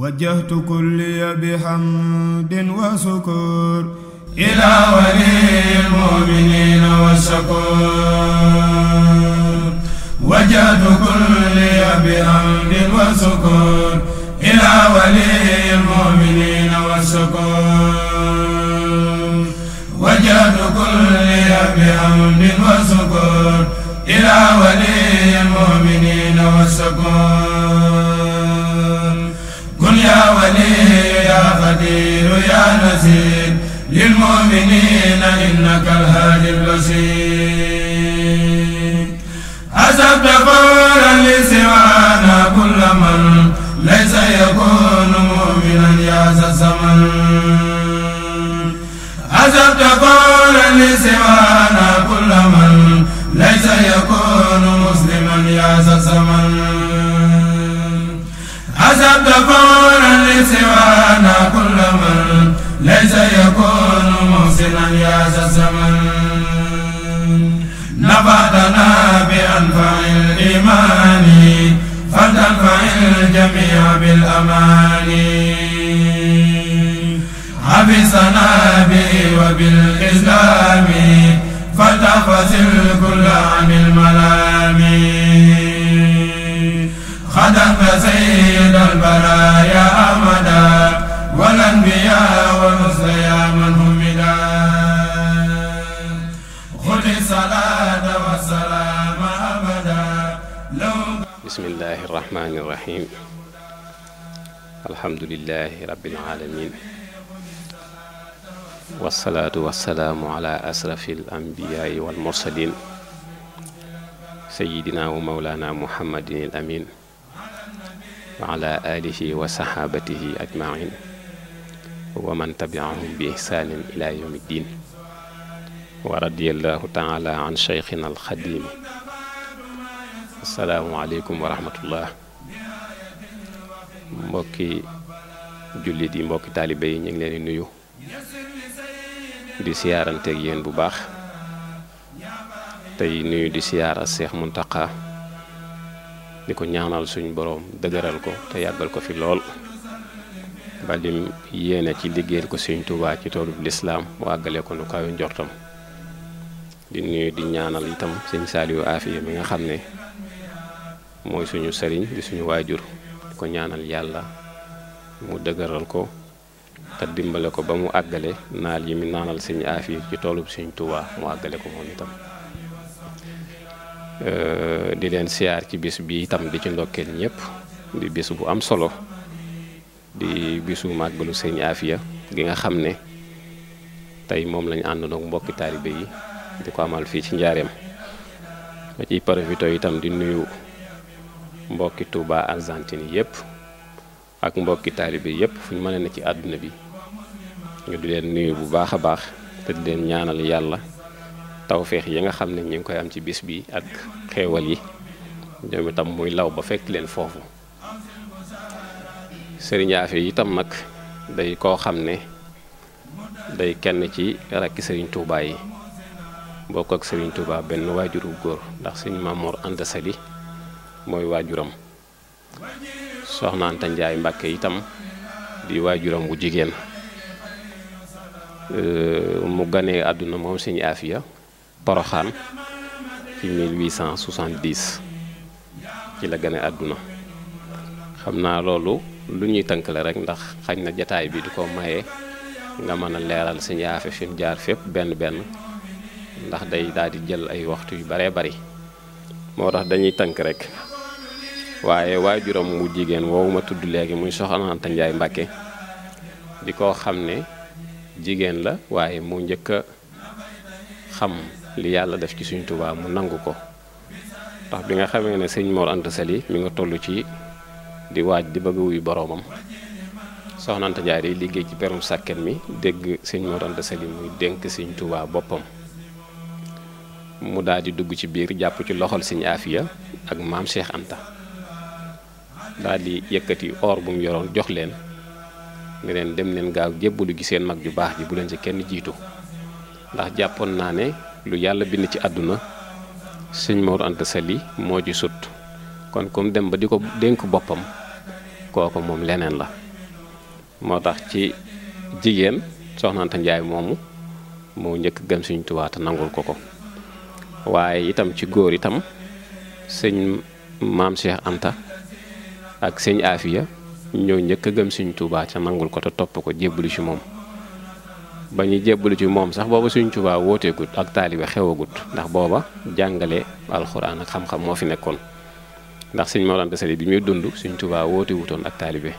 وجهت كلي بحمد وسكور إلى ولي المؤمنين والشكور وجهت كلي بحمد وسكور إلى ولي المؤمنين والشكور وجهت كلي بحمد وسكور إلى ولي المؤمنين والشكور القدير يا نسير للمؤمنين إنك الهادي البشير أسبت قولا لسوانا كل من ليس يكون مؤمنا يا ذا الزمن أسبت قولا لسوانا كل من ليس يكون مسلما يا ذا الزمن أسبت قولا الجميع بالأماني عبسنا به وبالإسلام فتفصل كل عن الملام خدم سيد البرايا أمدا والأنبياء والمسلمين bismillahi irrahmani irrahim alhamdulilahi rabbil alamin wasalaatu wasalaamu ala asrafi al anbiyaai wal mursalin sayidina wa maulana muhammadin al amin wa ala alihi wa sahabatihi ajmain wa man tabiahum bi ihsanin ila yawmi ddin wa radiallahu taala an cheikhina alxadimi asalaamualeykum wa rahmatullah mbokki jullit yi mbokki taalibe yi ñu ngi leen di nuyu di siyaaranteeg yéen bu baax tey nuyu di siyaara Seex Muntaqa di ko ñaanal suñu boroom dëgëral ko te yàggal ko fi lool ba lim yéene ci liggéeyal ko Sëriñ Tuubaa ci toolu lislaam wàggale ko nu kawe njortam di nuyu di ñaanal itam Sëriñ Saaliyu Aafiya mi nga xam ne mooy suñu sëriñ di suñu waajur di ko ñaanal yàlla mu dëgëral ko te dimbale ko ba mu àggale naal yi mu naanal suñu aafiya ci toolub suñ Tuubaa mu àggale ko moom itam euh, di leen siyaar ci bis bi itam di ci ndokkeel ñëpp di bis bu am solo di bisu màggalu sëñ aafiya gi nga xam ne tey moom lañu àndoon ak mbokki taalibe yi di ko amal fii ci njaareem ma ciy profité itam di nuyu mbokki Touba Argentine yépp ak mbokki taalibe yépp fu ñu mën ne ne ci àdduna bi ñu di leen nuyu bu baax a baax te di leen ñaanal yàlla tawféex yi nga xam ne ñu ngi koy am ci bis bi ak xeewal yi ñoom itam muy law ba fekk leen foofu Serigne Afe itam nag day koo xam ne day kenn ci rakki sëriñ Touba yi bokk ak Serigne Touba benn waajuru góor ndax Serigne Mamour Anta Sali mooy waajuram soxna Anta Njaay Mbàkke itam di waajuram bu jigéen euh, mu ganee àdduna moom sëñ Afiya Poroxaan ci 1870 ci la gane àdduna xam naa loolu lu ñuy tënk la rek ndax xañ na jataay bi du ko maye nga mën a leeral sëñ Afiya fi jaar fépp benn benn ndax day daal jël ay waxtu yu baree bari moo tax dañuy tënk rek waaye waajuram wu jigéen woowu ma tudd léegi muy soxna Anta Ndiaye di koo xam ne jigéen la waaye mu njëkk a xam li yàlla def ci suñ Tuubaa mu nangu ko ndax bi nga xamee ne sëñ Mor Anta Sali mi nga toll ci di waaj di bëgg boroomam soxna Anta Ndiaye liggéey ci perum sàkket mi dégg sëñ Mor Anta muy dénk sëñ Tuubaa boppam mu daal di dugg ci biir jàpp ci loxol sëñ Afiya ak maam Cheikh Anta daal di yëkkati or bu mu yoroon jox leen ne leen dem leen gaaw jébbalu gi seen mag ju baax ji bu leen ci kenn jiitu ndax jàppoon naa ne lu yàlla bind ci àdduna sëñ Mor Anta Sali moo di sut kon comme dem ba di ko dénk boppam kooku moom leneen la moo tax ci jigéen Soxna Njaay moomu moo njëkk gëm suñ Tuubaa nangul ko ko waaye itam ci góor itam sëñ maam Cheikh Anta ak sëñ Afia ñoo njëkk a gëm suñ Touba ca nangul ko te topp ko jébbalu ci moom. ba ñuy jébbalu ci moom sax booba suñ Touba wooteegut ak taalibe xewagut ndax booba jàngale alxuraan ak xam-xam moo fi nekkoon ndax suñ Mor Anta Sali bi muy dund suñ Touba woote wutoon ak taalibe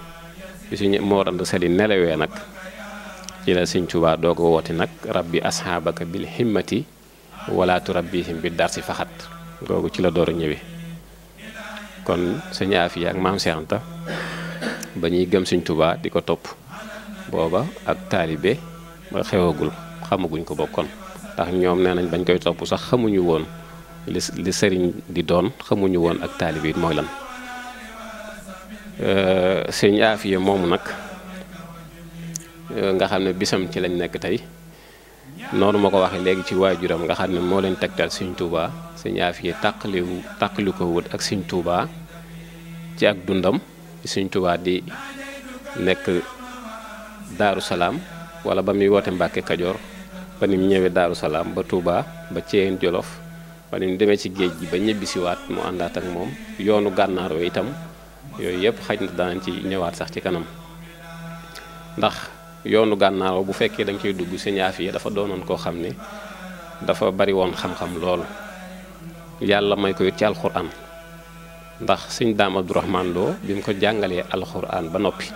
bi suñ Mor Anta seli nelawee nag. ci la sëñ Tuubaa doo ko wooti nag rabbi asxaabaka bil himmati walaatu rabbihim bi darsi faxat googu ci la door a ñëwee kon sëñ Afia ak maam Cheikh Anta ba ñuy gëm sëñ tubaa di ko topp booba ak taalibe ba xewagul xamaguñ ko bokkoon ndax ñoom nee nañ bañ koy topp sax xamuñu woon li li sëriñ di doon xamuñu woon ak taalibe it mooy lan euh, sëñ Afia moomu nag euh, nga xam ne bisam ci lañ nekk tey noonu ma ko waxee léegi ci waajuram nga xam ne moo leen tegtal Sëñ Tuuba Sëñ Aafiya tàqaliwu tàqali ko wut ak Sëñ Tuuba ci ak dundam Sëñ Tuuba di nekk Daaru Salaam wala ba muy woote Mbàkke Kajoor ba ni mu ñëwee Daaru Salaam ba Touba ba Thièyeen Jolof ba ni demee ci géej gi ba ñibbi mu àndaat ak moom yoonu gànnaar wa itam yooyu yëpp xaj na danañ ci ñëwaat sax ci kanam ndax yoonu gànnaaroo bu fekkee dañ koy dugg sëñ Afia dafa doonoon koo xam ne dafa bari woon xam-xam lool yàlla may ko it ci alxuraan ndax sëñ daam Abdourahman Lo bi mu ko jàngalee alxuraan ba noppi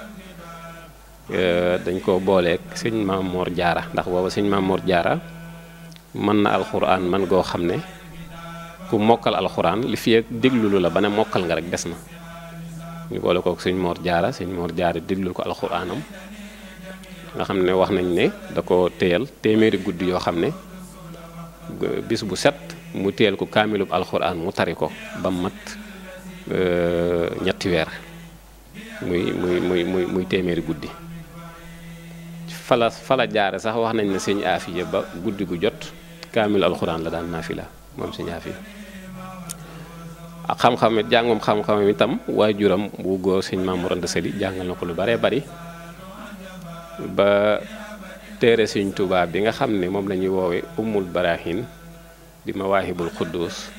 eh, dañ ko booleek sëñ Maam moor Jaara ndax booba sëñ Maam Mor Jaara mën na alxuraan man goo xam ne ku mokkal alxuraan li fi déglu lu la ba ne mokkal nga rek des na ñu boole kook sëñ moor Jaara sëñ Mor Jaara déglul ko alxuraanam nga xam ne wax nañ ne da ko téyal téeméeri guddi yoo xam ne bis bu set mu téyal ko kaamilu alxuraan mu tari ko ba mat euh, ñetti weer muy muy muy muy muy téeméeri guddi fala fala jaare sax wax nañ ne sëñ aafiya ba guddi gu jot kaamil alxuraan la daan naafila moom sëñ aafiya ak xam-xam jàngum xam-xam itam waaye waajuram bu góor sëñ Maam Mor Anta jàngal na ko lu bare bari ba téere Sëriñ tubaab bi nga xam ne moom la ñuy woowe ummul barahin di ma mawaahibul quddus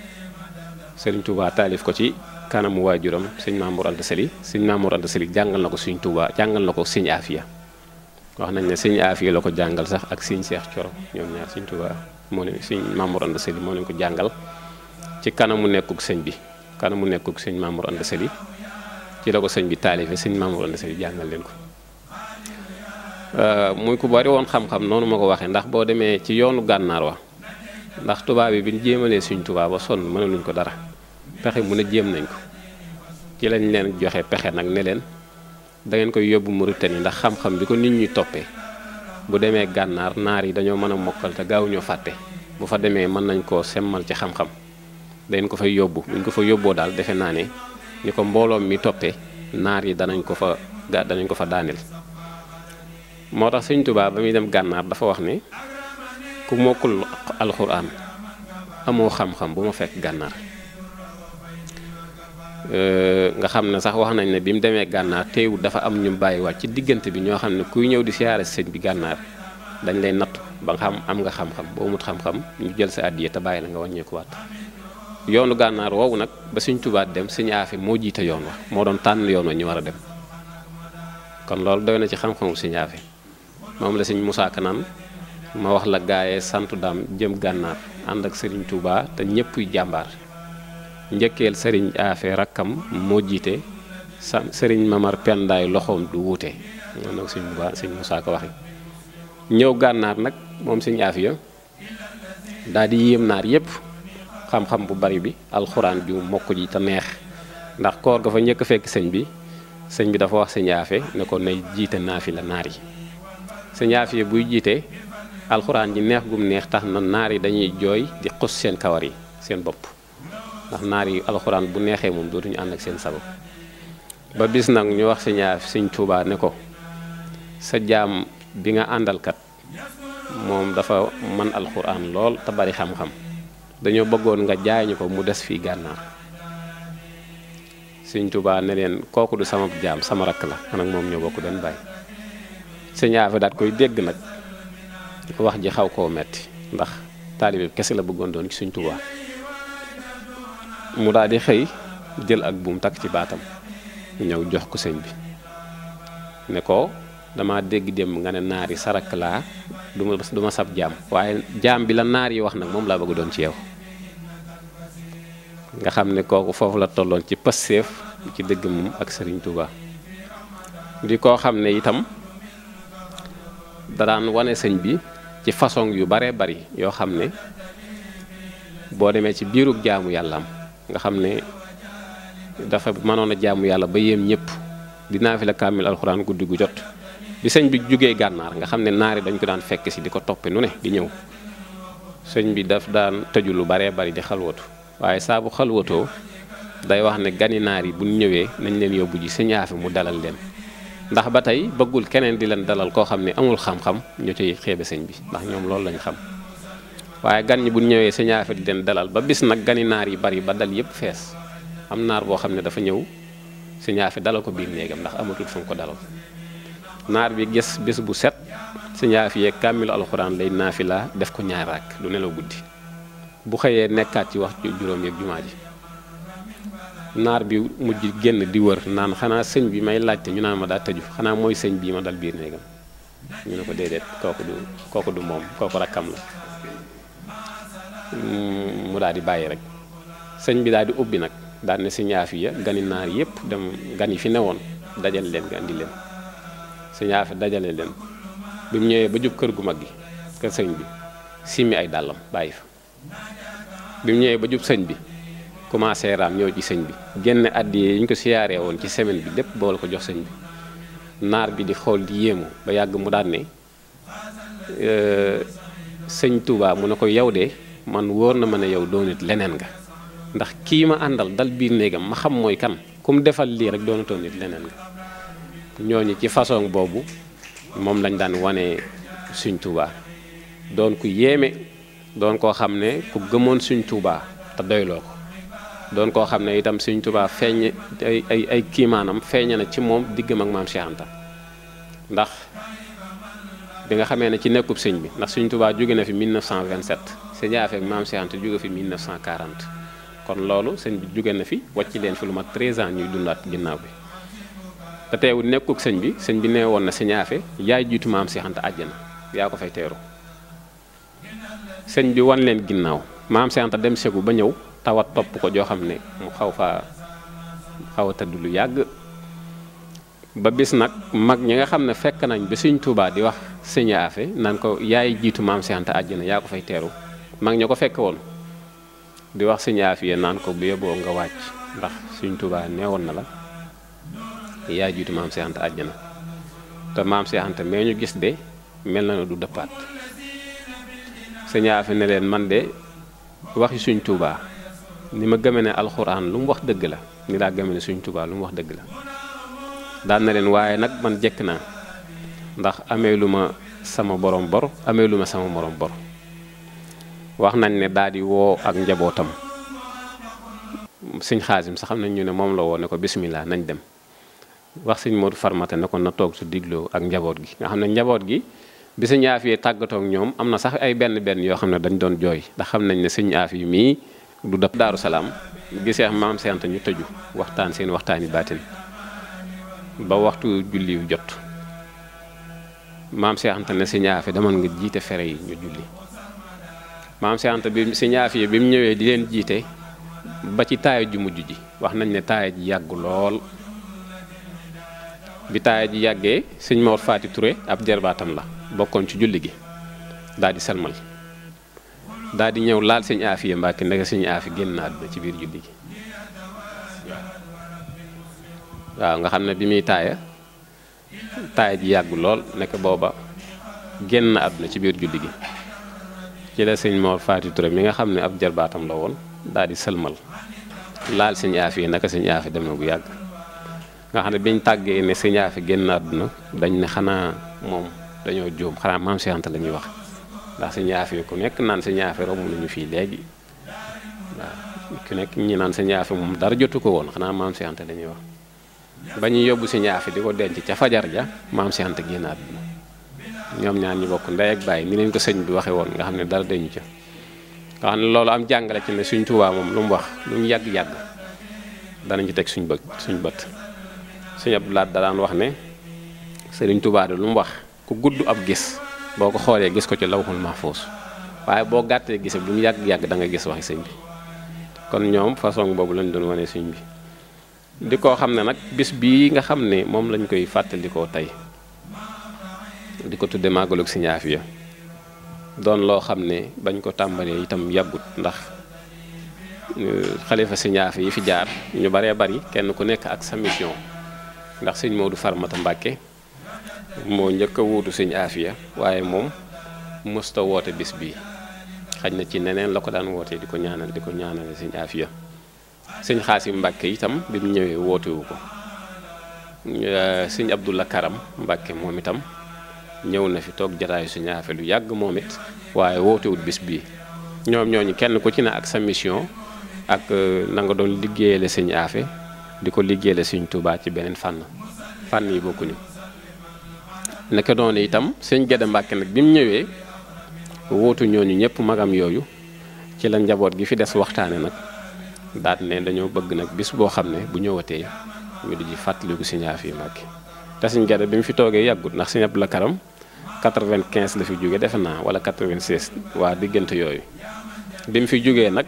Sëriñ Tuubaa taalif ko ci kanamu waajuram Sëriñ Mamour Anta Sali Sëriñ Mamour Anta Sali jàngal na ko Sëriñ Tuubaa jàngal na ko Sëriñ Afiya wax nañ ne Sëriñ Afiya ko jàngal sax ak Sëriñ Seex Coro ñoom ñaar Sëriñ moo leen Sëriñ Mamour Anta moo leen ko jàngal ci kanamu nekkuk sëñ bi kanamu nekkuk sëñ Mamour Anta Sali ci la ko sëñ bi taalife Sëriñ Mamour Anta Sali jàngal leen ko Euh, muy ko bari woon xam-xam noonu ma ko waxee ndax boo demee ci yoonu gànnaar wa ndax tubaab yi bi jéemalee suñ tubaab ba sonn mënaluñ ko dara pexe mu ne jéem nañ ko ci lañ leen joxe pexe nag ne leen da ngeen koy yóbbu Mauritanie ndax xam-xam bi ko nit ñi toppee bu demee gànnaar naar yi dañoo mën a mokkal te gaawuñoo fàtte bu fa demee mën nañ koo semmal ci xam-xam dañ ko fay yóbbu buñ ko fa yóbboo daal defe naa ne ni ko mbooloom mi toppee naar yi danañ ko fa danañ ko fa daaneel. moo tax sëñ tubaab ba muy dem gànnaar dafa wax ni ku mokkul alxuraan amoo xam-xam bu ma fekk gànnaar euh, nga xam ne sax wax nañ ne bi mu demee gànnaar teewul dafa am ñu bàyyiwaat ci diggante bi ñoo xam ne kuy ñëw di siyaare sëñ bi gànnaar dañ lay natt ba nga xam am nga xam-xam boo mut xam-xam ñu jël sa àddiya te bàyyi la nga wàññeekuwaat yoonu gànnaar woowu nag ba sëñ Tuubaa dem sëñ Aafe moo jiite yoon wa moo doon tànn yoon wa ñu war a dem kon loolu doy na ci xam-xamu sëñ moom la sëñ Moussa Ka naan ma wax la gaayee santu daam jëm gànnaar ànd ak sëriñ Touba te ñëppuy jàmbaar njëkkeel sëriñ Afe rakkam moo jiite sa sëriñ Mamar Pendaay loxoom du wuute noonu nag sëñ Moussa ñëw gànnaar nag moom sëñ Afiya daal yéem naar yépp xam-xam bu bari bi alxuraan ju mokk ji te neex ndax koor ga njëkk fekk sëñ bi sëñ bi dafa wax sëñ Afe ne ko nay jiite naafi la naar yi sëñ Afiya buy jiite alxuraan ji neex gum neex tax na naar yi dañuy jooy di xus seen kawar yi seen bopp ndax naar yi alxuraan bu neexee moom dootuñu ànd ak seen sabab ba bis nag ñu wax sëñ Afiya sëñ Tuubaa ne ko sa jaam bi nga àndalkat moom dafa man alxuraan lool te bari xam-xam dañoo bëggoon nga jaay ko mu des fii gànnaar sëñ Tuubaa ne leen kooku du sama jaam sama rakk la man ak moom ñoo bokk den bàyyi sëñ Aafe daat koy dégg nag wax ji xaw koo metti ndax taalibe bi kese la bëggoon doon ci suñ Tuubaa mu daal di xëy jël ak buum takk ci baatam ñëw jox ko sëñ bi ne ko dama dégg démb nga ne naar yi sarak laa du ma du ma sab jaam waaye jaam bi la naar yi wax nag moom laa bëgg doon ci yow nga xam ne kooku foofu la tolloon ci pësseef ci dëgg moom ak sëriñ Tuubaa di koo xam ne itam da daan wane sëñ bi ci façon yu bare bari yoo xam ne boo demee ci biirub jaamu yàlla yàllaam nga xam ne dafa mënoon a jaamu yàlla ba yéem ñëpp dinaa fi la kaamil alxuraan guddi gu jot bi sëñ bi jógee gànnaar nga xam ne naari dañ ko daan fekk si di ko toppe nu ne di ñëw sëñ bi daf daan tëju lu baree bari di xalwatu waaye saabu bu xalwatoo day wax ne gani naar yi bu ñëwee nañ leen yóbbu ji sëñ mu dalal leen ndax ba tey bëggul keneen di leen dalal koo xam ne amul xam-xam ñu ciy xeebe sëñ bi ndax ñoom loolu lañ xam waaye gan ñi bu ñëwee sëñ di leen dalal ba bis nag gani naar yi bari ba dal yëpp fees am naar boo xam ne dafa ñëw sëñ dalal ko biir néegam ndax amatul fu mu ko dalal naar bi gis bés bu set sëñ Afe yeeg kàmmilu alxuraan lay naafila def ko ñaari ñaaraak du nelaw guddi bu xëyee nekkaat ci wax juróom yeeg jumaa ji naar bi mujj génn di wër naan xanaa sëñ bi may laajte ñu naan ma daa tëju xanaa mooy sëñ bii ma dal biir néegam ñu ne ko déedéet kooku du kooku du moom kooku rakkam la mm, mu daal di bàyyi rek sëñ bi daal di ubbi nag daal ne sëñ Aafiya gani yëpp dem gan yi fi newoon dajale leen nga andi dajale leen bi mu ñëwee ba jub kër gu mag gi kër sëñ bi simmi ay dàllam bàyyi fa bi mu ñëwee ba jub sëñ bi commencé raam ñëw ci sëñ bi génn àddiyee yi ñu ko siyaaree woon ci semaine bi lépp boole ko jox sëñ bi naar bi di xool di yéemu ba yàgg mu daan ne euh, sëñ Touba mu ne ko yow de man wóor na ma ne yow doonit leneen nga ndax kii ma àndal dal biir néegam ma xam mooy kan ku defal lii rek doonatoon nit leneen nga ñooñu ci façon boobu moom lañ daan wane suñ Touba doon ku yéeme doon koo xam ne ku gëmoon suñ Touba te doyloo ko doon koo xam ne itam Sëriñ Tuubaa feeñ ay ay ay kiimaanam feeñ na ci moom diggam ak maam Cheikh ndax bi nga xamee ne ci nekkub sëñ bi ndax Sëriñ Tuubaa jóge na fi 1927 sëñ Afe ak maam Cheikh Anta jóge fi 1940 kon loolu sëñ bi jóge na fi wàcc leen fi lu mat 13 ans ñuy dundaat ginnaaw bi te teewul nekkug sëñ bi sëñ bi nee woon na sëñ Afe yaay jiitu maam Cheikh Anta àjjana yaa ko fay teeru sëñ bi wan leen ginnaaw maam Cheikh dem segu ba ñëw. tawat topp ko joo xam ne mu xaw faa xaw a lu yàgg ba bis nag mag ñi nga xam ne fekk nañ ba suñ Tuubaa di wax Sëñ Afe naan ko yaay jiitu maam Seex Anta àjjana yaa ko fay teeru mag ña ko fekk woon di wax Sëñ naan ko bu ndax Sëñ Tuubaa neewoon na la yaa jiitu maam Seex Anta àjjana te maam Seex Anta mee ñu gis de mel na ne du dëppaat Sëñ Afe ne leen man de waxi Sëñ Tuubaa ni ma gëme ne alxuraan lu mu wax dëgg la ni laa gëme ne suñ tubaa lu mu wax dëgg la daan na leen waaye nag man jekk naa ndax amee lu ma sama borom bor amee lu ma sama morom bor wax nañ ne daal di woo ak njabootam sëñ xaasim sax nañ ñu ne moom la woo ko bismillah nañ dem wax sëñ Modou Farmata ne na toog su digloo ak njaboot gi nga xam ne njaboot gi bi sëñ Afiye tàggatoo ak ñoom am na sax ay benn benn yoo xam ne dañ doon jooy ndax xam nañ ne sëñ Afiye mii du dab daaru salaam gisee maam sant ñu tëju waxtaan seen waxtaani baatin ba waxtu julli jot maam seexante ne si ñaafe dama nga jiite fere yi ñu julli maam seexante bi si bi mu ñëwee di leen jiite ba ci taaya ju mujj ji wax nañ ne taaya ji yàgg lool bi taaya ji yàggee sëñ Mor Faati Touré ab jarbaatam la bokkoon ci julli gi daal di salmal daal di ñëw laal sëñ aafiya mbàkke ndeke sëñ aafi génn na àdduna ci biir julli gi waaw nga xam ne bi muy taaya taaya ji yàgg lool nekk booba génn na ci biir julli gi la sëñ Mor Faati Touré mi nga xam ne ab jarbaatam la woon daal di sëlmal laal sëñ aafiya naka sëñ aafi dem na bu yàgg nga xam ne biñ tàggee ne sëñ aafi génn na àdduna dañ ne xanaa moom dañoo jóom xanaa maam Seex Anta la ñuy wax ndax sa ñaafe ku nekk naan sa ñaafe romb nañu fii léegi waaw ku nekk ñi naan sa ñaafe moom dara jotu ko woon xanaa maam Cheikh Anta dañuy wax ba ñu yóbbu si ñaafe di ko denc ca fajar ja maam Cheikh Anta génn àdduna ñoom ñaan ñi bokk ndey ak bàyyi ni leen ko sëñ bi waxee woon nga xam ne dara dañu ca nga xam ne loolu am jàngale ci ne suñ Tuubaa moom lu mu wax lu mu yàgg-yàgg danañ ci teg suñ bët suñ bët suñ Abdou da daan wax ne sëriñ Tuubaa de lu mu wax ku gudd ab gis boo ko xoolee gis ko ci lawhul foos waaye boo gàttee gise lu mu yàgg-yàgg da nga gis waxi sëñ bi kon ñoom façon boobu lañ doon wane sëñ bi di koo xam ne nag bis bii nga xam ne moom lañ koy fàttalikoo tey di ko tudde màggalug Sëñ Aafiya doon loo xam ne bañ ko tàmbalee itam yàggut ndax euh, xalifa Sëñ yi fi jaar ñu baree bari kenn ku nekk ak sa mission ndax sëñ Moodu Farmata Mbàkke moo njëkk a wuutu sëñ aafiya waaye moom mësta woote bis bii xaj na ci neneen la ko daan wootee di ko ñaanal di ko ñaanale sëñ aafiya sëñ xaasim mbàkke itam bi mu ñëwee wootewu ko euh, sëñ abdullah karam moom itam ñëw na fi toog jataayu sëñ aafiya lu yàgg moom waaye wootewut bis bii ñoom ñooñu kenn ku ci ne ak sa mission ak euh, nanga nga doon liggéeyale sëñ aafe di ko liggéeyale sëñ Tuubaa ci beneen fànn fànn yi bokkuñu naka doone itam sëñ Gede Mbàkke nag bi mu ñëwee wóotu ñooñu ñëpp magam yooyu ci la njaboot gi fi des waxtaane nag daat ne dañoo bëgg nag bis boo xam ne bu ñëwatee ñu di fàttaliku sëñ Aafiya Mbàkke te sëñ Gede bi mu fi toogee yàggut ndax sëñ Abdu Karam 95 la fi jóge defe naa wala 96 waa diggante yooyu bi mu fi jógee nag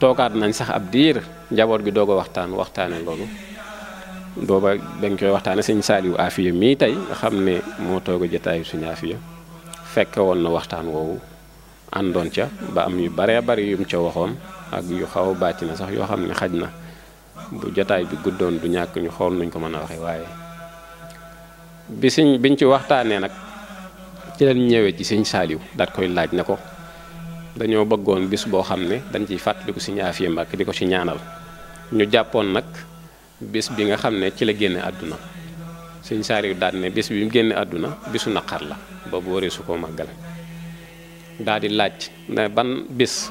toogaat nañ sax ab diir njaboot gi doo ko waxtaan waxtaane loolu booba dañ koy waxtaane sëñ Saaliwu Afiya mii tey nga xam ne moo toog a jotaayu Afiya fekke woon na waxtaan woowu àndoon ca ba am yu baree bari yum ca waxoon ak yu xaw a bàcc na sax yoo xam ne xaj na bu jotaay bi guddoon du ñàkk ñu xool nuñ ko mën a waxee waaye bi biñ ci waxtaanee nag ci leen ñëwee ci sëñ Saaliw daat koy laaj ne ko dañoo bëggoon bis boo xam ne dañ ciy fàttaliku sëñ Afiya Mbàkke di ko ci ñaanal ñu jàppoon nag bés bi nga xam ne ci la génne àdduna sëñ Saaliw daal ne bés bi mu génne àdduna bésu naqar la boobu waree su ko màggale daal di laaj ne ban bés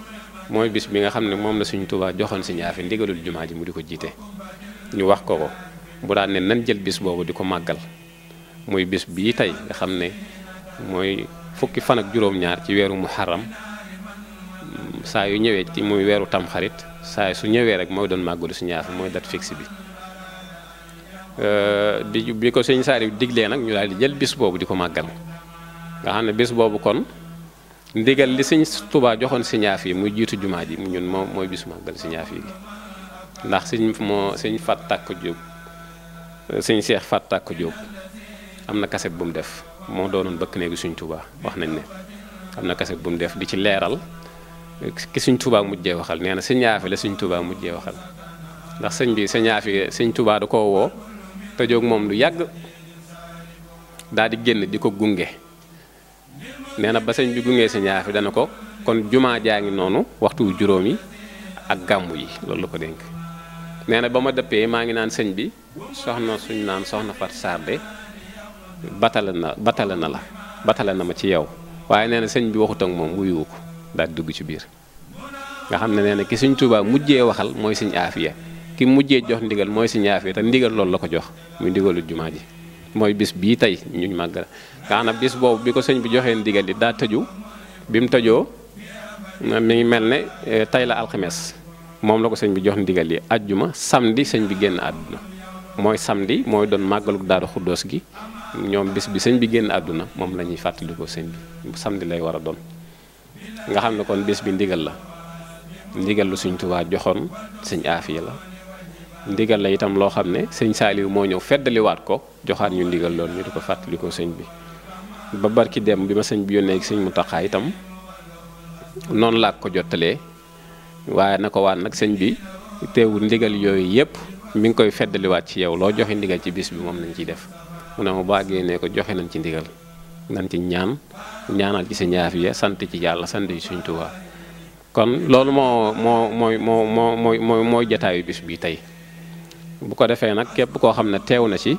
mooy bis bi nga xam ne moom la suñu Tuubaa joxoon si ñaafi ndigalul jumaa ji mu di ko jiite ñu wax ko ko bu daan ne jël bis boobu di ko màggal muy bis bii tey xam ne mooy fukki fan ak juróom-ñaar ci weeru muharram saa yu ñëwee ci muy weeru tamxarit saa su ñëwee rek mooy doon màggalu si ñaafi mooy date fixe bi Euh, di ju bi ko sëñ saari diglee nag ñu daal di jël bis boobu di ko màggal nga xam ne bis boobu kon ndigal li sëñ tubaa joxoon si ñaaf yi muy jiitu jumaa ji ñun moom mooy bis màggal si ñaaf ndax sëñ moo sëñ Fat Tàkk Jóob sëñ Seex Fat Tàkk Jóob am na kaset bu mu def moo doonoon bëkk néegi suñ Tuubaa wax nañ ne am na kaset bu def di ci leeral euh, ki suñ Tuubaa mujjee waxal nee na si ñaafi la suñ Tuubaa mujjee waxal ndax sëñ bi sa ñaafi sëñ tubaa da koo woo tëjoog moom lu yàgg daal di génn di ko gunge nee na ba sëñ bi gungee sëñ yaa dana ko kon jumaa jaa ngi noonu waxtu juróom yi ak gàmmu yi loolu la ko dénk nee na ba ma dëppee maa ngi naan sëñ bi soxna suñ naan soxna Fat Sarr batale na batale na la batale na ma ci yow waaye nee na sëñ bi waxut ak moom wuyuwu ko daal dugg ci biir nga xam ne nee na ki suñ Tuubaa mujjee waxal mooy suñ aafiya ki mujjee jox ndigal mooy si ñaaf te ndigal loolu la ko jox muy ndigalu jumaa ji mooy bis bii tey ñuñ màggal nga bis boobu bi ko sëñ bi joxee ndigal li daa tëju bi mu tëjoo mi ngi mel ne eh, tey la alxames moom la ko sëñ bi jox ndigal li ajjuma samedi sëñ bi génn àdduna mooy samedi mooy doon màggaluk daaru gi ñoom bis bi sëñ bi génn àdduna moom la ñuy fàttali sëñ bi samedi lay war a doon nga xam ne kon bis bi ndigal la ndigal lu suñ tubaa joxoon sëñ aafiya la ndigal la itam loo xam ne sëñ Saaliw moo ñëw feddaliwaat ko joxaat ñu ndigal loolu ñu di ko fàttali ko sëñ bi ba barki dem bi ma sëñ bi yónnee ak sëñ Mutaxa itam noonu laa ko jottalee waaye na ko waat nag sëñ bi teewul ndigal yooyu yëpp mi ngi koy feddaliwaat ci yow loo joxe ndigal ci bis bi moom lañ ciy def mu ne ma bàggee ne ko joxe nañ ci ndigal nañ ci ñaan ñaanal ci sa ñaafiya sant ci yàlla sant ci suñ Tuubaa kon loolu moo moo mooy moo moo mooy jataayu bis bi tey bu ko defee nag képp koo xam ne teew na ci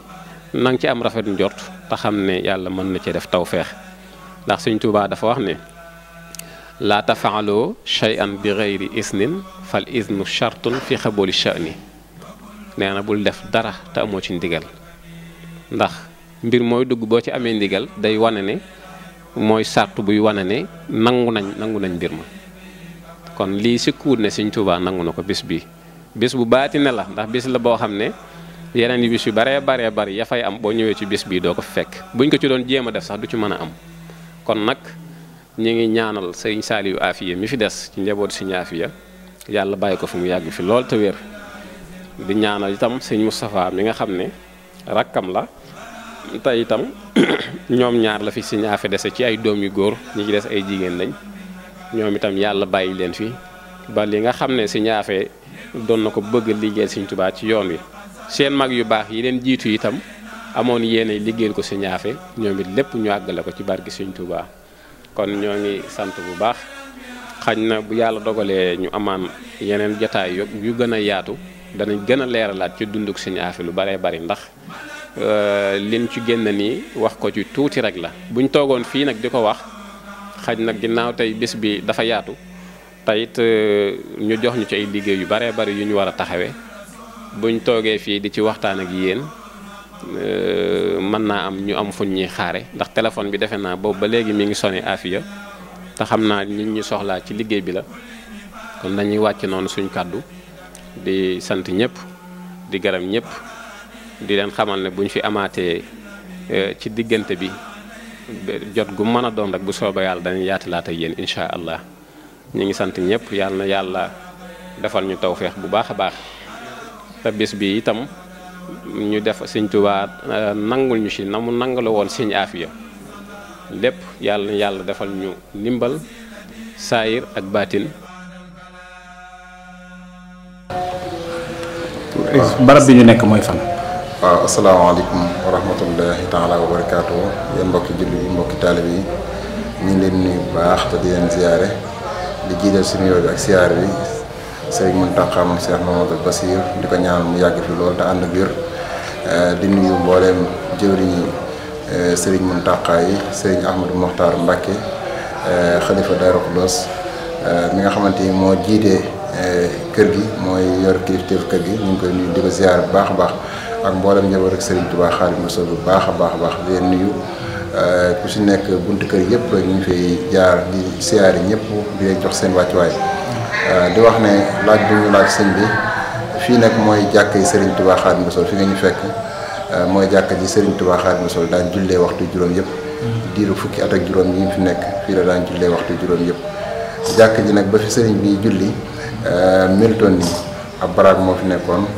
na nga ci am rafet njort te xam ne yàlla mën na ci def tawféex ndax Sëñ Tuubaa dafa wax ne laata laa tafaaloo shay'an bi gayri isnin fal isnu shartun fi xaboli sha'ni nee na bul def dara te amoo ci ndigal ndax mbir mooy dugg boo ci amee ndigal day wane ne mooy sart buy wane ne nangu nañ nangu nañ mbir ma kon lii sikkuwut ne Sëñ Tuubaa nangu na ko bis bi bis bu baati ne la ndax bis la boo xam ne yeneen yu bis yu baree baree bari ya fay am boo ñëwee ci bis bii doo ko fekk buñ ko ci doon jéema a def sax du ci mën a am kon nag ñu ngi ñaanal sëriñ Saliou Afia mi fi des ci njabootu sëriñ Afia yàlla bàyyi ko fi mu yàgg fi lool te wér di ñaanal itam sëriñ Moustapha mi nga xam ne rakkam la tey itam ñoom ñaar la fi sëriñ Afia dese ci ay doom yu góor ñi ci des ay jigéen lañ ñoom itam yàlla bàyyi leen fi ba doon na ko bëgg liggéey Sëñ Tuubaa ci yoon wi seen mag yu baax yi leen jiitu itam amoon yéene liggéeyal ko si ñoom it lépp ñu àggale ko ci barki Sëñ Tuubaa kon ñoo ngi sant bu baax xañ na bu yàlla dogalee ñu amaan yeneen jataay yu yu gën a yaatu danañ gën a leeralaat ci dunduk Sëñ Aafe lu baree bari ndax euh, liñ ci génn nii wax ko ci tuuti rek la buñ toogoon fii nag di ko wax xaj nag ginnaaw tey bés bi dafa yaatu teyit euh, ñu jox ñu ci ay liggéey yu baree bari yu ñu war a taxawee buñ toogee fii di ci waxtaan ak yéen euh, mën naa am ñu am fuñ ñuy xaare ndax téléphone bi defe naa boobu ba léegi mi ngi sone afiya te xam naa nit ñi soxlaa ci liggéey bi la kon dañuy wàcc noonu suñ kàddu di sant ñëpp di garam ñëpp di leen xamal ne buñ fi amaatee euh, ci diggante bi jot gu mën a doom rek bu sooba yàlla dañuy yaati laata yéen incha allah ñu ngi sant ñëpp yàlla na yàlla defal ñu tawféex bu baax a baax te bii itam ñu def sëñ Tuubaa euh, nangul ñu si na mu nangala woon sëñ Aafiya lépp yàlla yàlla defal ñu ndimbal saayir ak baatin barab bi ñu nekk mooy fan waaw asalaamaaleykum wa rahmatullahi taala wa barakaatu mbokki julli yi mbokki taalib yi ñu ngi leen baax te di leen ziyaare di jiital suñu yooyu ak siyaar bi Serigne mun moom Cheikh Mamadou Bassir di ko ñaan mu yàgg fi loolu te ànd ak wér eh, di nuyu mbooleem jëwriñu eh, Serigne Mountakha yi Serigne Ahmadou Mokhtar Mbacké xalifa eh, Darou Khoudoss mi nga xamante ni moo jiite kër gi mooy yor kilifteef kër gi ñu ngi koy nuyu di ko ziar bu baax a baax ak mboolem njaboot ak Serigne tubaax Xaadimu Rasuul bu baax a baax baax di leen nuyu. Euh, ku si nekk buntu kër yëpp ñu ngi fay jaar di yi ñëpp di leen jox seen wàccuwaay euh, di wax ne laaj bu ñu laaj sëñ bi fii nag mooy jàkk yi Serigne Touba Xaadimu Rasuul fi nga ñu fekk euh, mooy jàkk ji Serigne Touba Xaadimu Rasuul daan jullee waxtu juróom yëpp diiru fukki at ak juróom yi fi nekk fii la daan jullee waxtu juróom yëpp jàkk ji nag ba fi sëriñ bi julli mil tonnes yi ab baraag moo fi nekkoon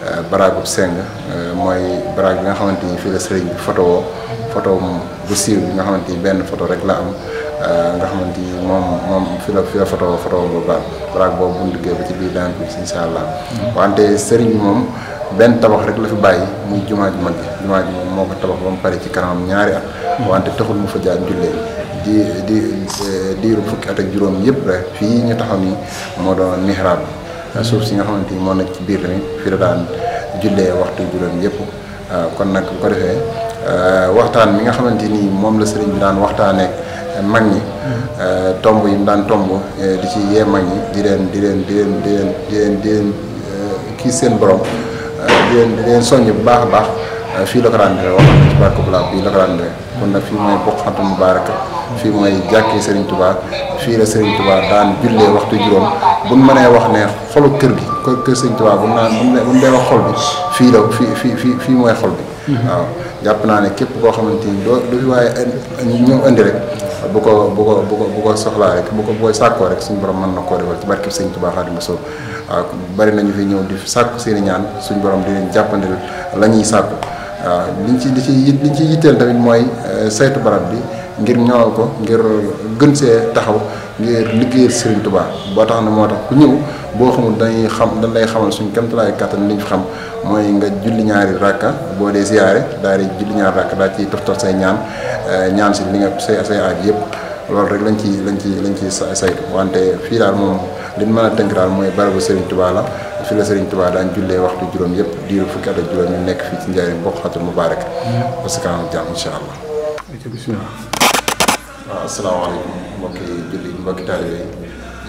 Euh, baraagub seng euh, mooy baraag bi nga xamante ni fi la sëriñ bi photo woo photo bu siiw bi nga xamante ni benn foto rek la am euh, nga xamante ni moom moom fi la fi la photo photo boobu la baraag boobu bu duggee ba ci biir daan ko insha allah mm-hmm. wante sëriñ bi moom benn tabax rek la fi bàyyi muy jumaa ju mag ji moom moo ko tabax ba mu pare ci kanamam ñaari at mm-hmm. wante taxul mu fa jaar jullee di di eh, diiru fukki at ak juróom yëpp rek fii ñu taxaw ni moo doon mihraab bi suuf si nga xamante ni moo nag ci biir tamit fi la daan jullee waxtu juróom yëpp ah, kon nag bu ko defee ah, waxtaan mi nga xamante ni moom la sëriñ bi daan waxtaanee mag ñi mm-hmm. ah, tomb yi mu daan tomb eh, di ci yee mag ñi di leen di leen di leen di leen di eh, kii seen borom di leen di leen soññ bu baax a baax fii la ko daan defee wax ci barke bu laa bii la ko daan defee kon nag fii mooy bokkatu mubaaraka fii mooy jàkkee Serigne Touba fii la Serigne tubaa daan jullee waxtu juróom bu ñu mënee wax ne xolu kër gi kër kër Serigne Touba bu ñu naan bu ñu dee wax xol fii la fii fii fii fii mooy xol bi. Mhm. waaw jàpp naa ne képp koo xamante ni doo du fi waaye ñëw indi rek. bu ko bu ko bu ko bu soxlaa rek bu ko booy sàkkoo rek suñ borom mën na koo defal ci barkeb Sëñ Tuubaa Xaadimu Rasuul waaw bari nañu fi ñëw di sàkku seeni ñaan suñu borom di leen jàppandil la ñuy sàkku waaw liñ ci li ci liñ ci yitteel tamit mooy euh, saytu barab bi ngir ñool ko ngir gën see taxaw ngir liggéeyal Serigne tubaa boo tax na moo tax ku ñëw boo xamul dañuy xam dañ lay xamal suñ kemtalaay kàttan li ñu xam mooy nga julli ñaari rakka boo dee ziyaare daal di julli ñaari rakka daal ci toftal say ñaan eh, ñaan si li nga say say aaj yëpp loolu rek lañ ci lañ ci lañ ci saytu wante fii daal moom li mën a tënk daal mooy barabu Serigne tubaa la fi la Serigne Touba daan jullee waxtu juróom yëpp diiru fukki at ak juróom yu nekk fii ci Njaaréem bokk xatul mubaarak parce que am jàmm incha waaw ah, asalaamaaleykum mbokki jullit mbokki taalibe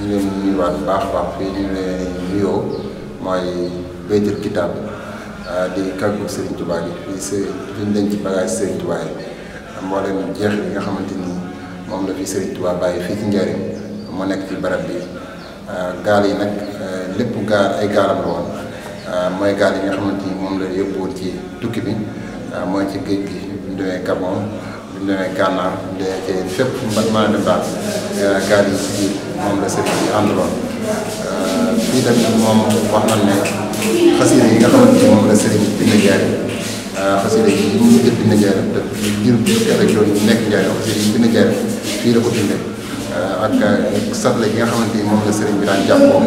ñu ngi leen nuyuwaat baax a baax fii ñu ne nuyoo mooy baytul kitaab ah, di kàggu Serigne Touba gi fii se fi ñu denc bagage Serigne jeex yi nga xamante ni moom la fi Serigne Touba bàyyi fii ci njëriñ mu nekk ci barab bi ah, gaal yi nag eh, lépp gaal ay gaalam la mooy gaal yi nga xamante ni moom la yóbbu ci tukki bi mooy ci géej gi bu ñu demee Gabon. demee gànnaar demee fépp man maa dem daal gaal yi ci biir moom la sëriñ bi euh, fii moom yi nga xamante la sëriñ bi bind jaay euh, yi ñu ngi jël bind jaay te ngir teel fii la ko euh, nga xamante ni moom la sëriñ bi daan jàppoo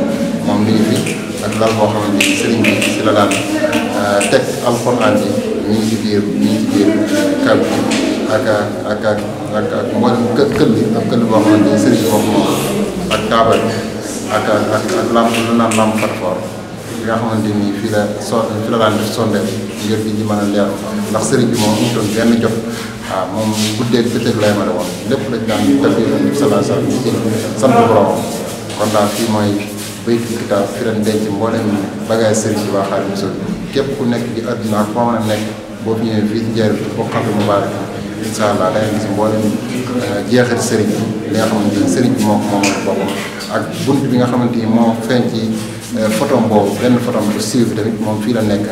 moom mi ngi fi ak lal boo xamante ni sëriñ bi si la daan teg alxuraan yi ñu ngi ci biir ñu ngi ci biir kàddu ak ak ak ak ak mboolem kë këll ak këll boo xamante ni sëriñ boo moom ak kaabal ak ak ak bi nga xamante ni fii la so fii la daan def sondeel ngir di ji mën a leer ndax sëriñ bi moom amutoon benn jot waaw ah, moom guddeeg bëccëg lay mën a woon lépp lañ daan tafir bi sallallahu alayhi wa sallam ci sant borom kon daal fii képp ku nekk ci àdduna ak foo mën a nekk boo fi ñëwee fii ci njëriñ xam ne mu baax incha allah day gis mboolem euh, jeexal sëriñ bi li nga xamante ni sëriñ bi moo ko boppam ak bunt bi nga xamante ni moo feeñ ci euh, photo boobu benn photo bu siiw bi tamit moom fii la nekk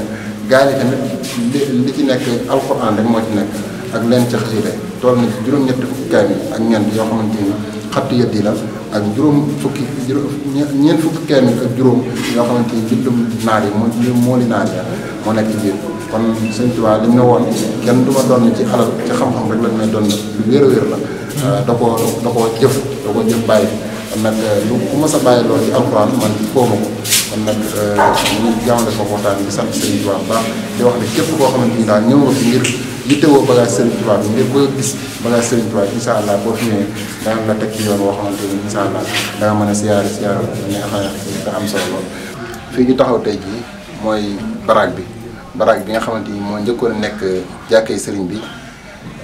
gaa yi tamit li li ci nekk alxuraan rek moo ci nekk ak leen ca xasida tool na ci juróom-ñetti fukki kaamil ak ñeent yoo xamante ni xattu yëdd yi la ak juróom fukki juróom ñeent fukki kaamil ak juróom yoo xamante ni bindum naar yi moo mooli naar yi moo nekk ci biir kon sëñ Tuubaa li mu woon kenn du ma doon ci alal ci xam-xam rek la may doon lu wér wér la euh, da ko da ko jëf da ko jëf bàyyi kon nag euh, lu ku ma sa bàyyi loolu ci alxuraan man fóoma ko kon nag euh, ñu jàmmale ko waxtaan bi sant sëñ képp koo xamante ni daal ñëw nga fi ngir yittewoo bagage Serigne Touba bi ngir bëgg allah boo fi ñëwee daan la teg ci yoon boo xamante ni incha allah da mën a siyaare siyaare neexal te am solo lool. fii ñu taxaw tey jii mooy baraag bi. baraag bi nga xamante ni moo njëkkoon nekk jàkkee sëriñ bi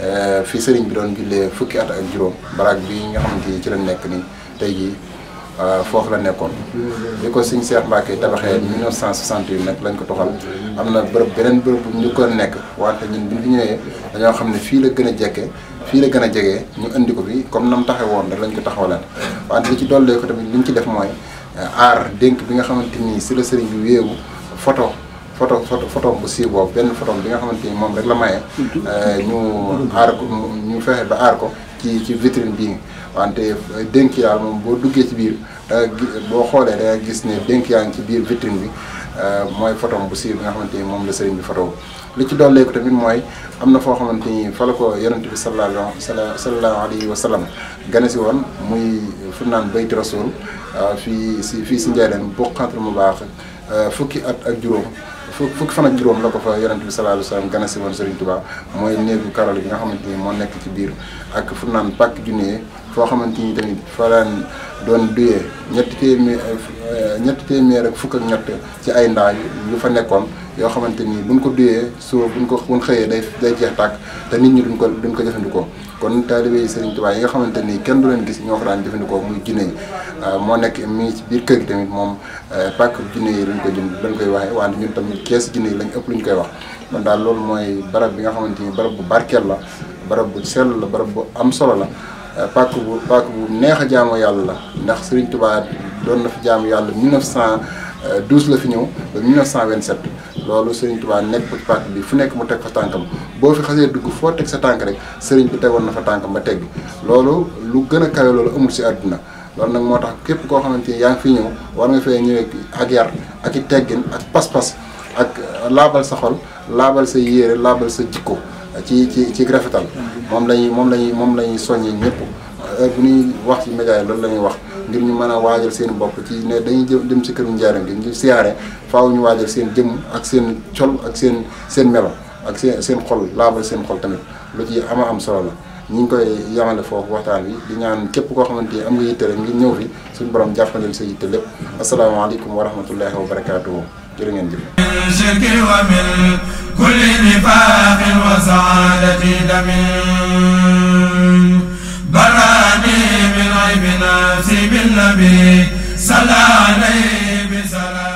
euh, fi sëriñ bi doon jullee fukki at ak juróom baraag bi nga xamante ci la nekk ni tey jii euh, foofu la nekkoon bi ko sëñ Cheikh Mbacke tabaxee 1961 nag lañ ko toxal am na bërëb beneen bërëb bu njëkkoon nekk wante ñun bu ñu fi ñëwee dañoo xam ne fii la gën a jekke fii la gën a jege ñu indi ko fi comme nam taxe woon rek lañ ko taxawaleen wante li ci dollee ko tamit ñu ci def mooy euh, aar dénk bi nga xamante ni si la sëriñ bi wéewu photo foto photo photo bu siiw boobu benn photo bi nga xamante ni moom rek la maye. Euh, ñu aar ko ñu fexe ba aar ko ci ci vitrine bii wante euh, dénk yaa moom boo duggee ci biir boo xoolee dangay gis ne dénk yaa ngi ci biir vitrine bi euh, mooy foto bu siiw bi nga xamante ni moom la sëriñ bi photo li ci dollee ko tamit mooy am na foo xamante ni fa la ko yonent bi sallallahu alayhi wa sallam gane si woon muy fu naan bayti rasul fii si fii si bu baax fukki at ak juróom fukki fan ak juróom la ko fa yonent bi sallallahu alayhi wa sallam gane si woon Serigne Touba mooy néegu karol bi nga xamante ni moo nekk ci biir ak fu naan pàkk junnee foo xamante ni tamit fa laan doon duyee ñetti téeméer eh, ñetti téeméer ak fukk ak ñett ci ay ndaa yu fa nekkoon yoo xamante ni buñ ko duyee suba buñ ko buñ xëyee day day jeex tàkk te nit ñi duñ ko duñ ko jëfandikoo kon taalibe yi Serigne Touba yi nga xamante ni kenn du leen gis ñoo ko daan jëfandikoo muy jinne yi euh, moo nekk mu ngi ci biir kër gi tamit moom euh, pàkk jinne yi lañ ko jënd lañ koy waxee wante ñun tamit kees jinne yi lañ ëpp luñ koy wax man daal loolu mooy barab bi nga xamante ni barab bu barkeel la barab bu sell la barab bu am solo la euh, pàkk bu pàkk bu neex a jaamu yàlla la ndax Serigne tubaab doon na fi jaamu yàlla 1912 la fi ñëw ba 1927 loolu Serigne Touba nekk ci parti bi fu nekk mu teg fa tànkam boo fi xasee dugg foo teg sa tànk rek Serigne bi tegoon na fa tànkam ba tegg loolu lu gën a kawe loolu amul si àdduna loolu nag moo tax képp koo xamante ni yaa ngi fi ñëw war nga fee ñëwee ak yar ak i teggin ak pas-pas ak laabal sa xol laabal sa yéere laabal sa jikko ci ci ci rafetal mm-hmm. moom lañuy moom lañuy moom lañuy soññi ñëpp heure bu ñuy wax ci média loolu la ñuy wax ngir ñu mën a waajal seen bopp ci ne dañuy jëm dem si këru njaaram gi ngir siyaare faaw ñu waajal seen jëmm ak seen col ak seen seen melo ak seen seen xol laabal seen xol tamit lu ci ama am solo ñu ngi koy yamale foofu waxtaan bi di ñaan képp koo xamante ni am nga yitte rek ngir ñëw fi suñu borom jàppandeel sa yitte lépp asalaamaaleykum wa rahmatullahi wa barakaatuhu jërë ngeen jëf كل نفاق بنفسي بالنبي صلى عليه بسلام